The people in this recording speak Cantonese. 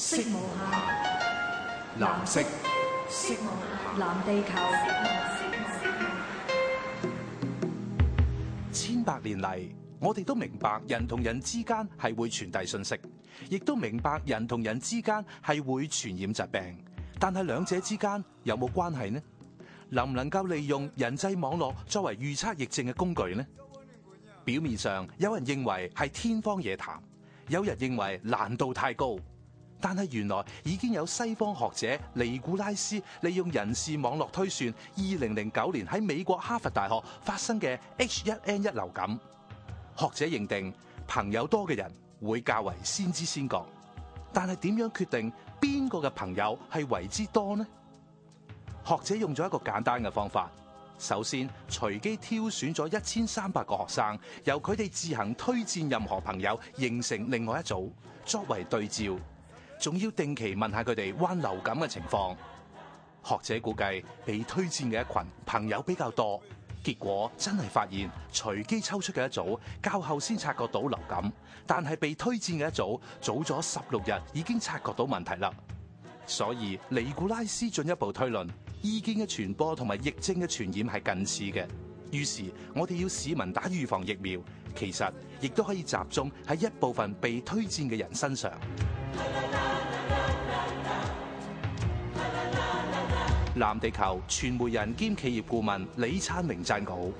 色母下藍色，色，母下藍色，色母下，藍地球。色母色母千百年嚟，我哋都明白人同人之間係會傳遞信息，亦都明白人同人之間係會傳染疾病。但係兩者之間有冇關係呢？能唔能夠利用人際網絡作為預測疫症嘅工具呢？表面上有人認為係天方夜譚，有人認為難度太高。但係原來已經有西方學者尼古拉斯利用人際網絡推算，二零零九年喺美國哈佛大學發生嘅 H1N1 流感。學者認定朋友多嘅人會較為先知先覺，但係點樣決定邊個嘅朋友係為之多呢？學者用咗一個簡單嘅方法，首先隨機挑選咗一千三百個學生，由佢哋自行推薦任何朋友，形成另外一組作為對照。仲要定期問下佢哋患流感嘅情況。學者估計被推薦嘅一群朋友比較多，結果真係發現隨機抽出嘅一組，較後先察覺到流感，但係被推薦嘅一組早咗十六日已經察覺到問題啦。所以尼古拉斯進一步推論，意見嘅傳播同埋疫症嘅傳染係近似嘅。於是我哋要市民打預防疫苗，其實亦都可以集中喺一部分被推薦嘅人身上。藍地球傳媒人兼企業顧問李燦榮撰稿。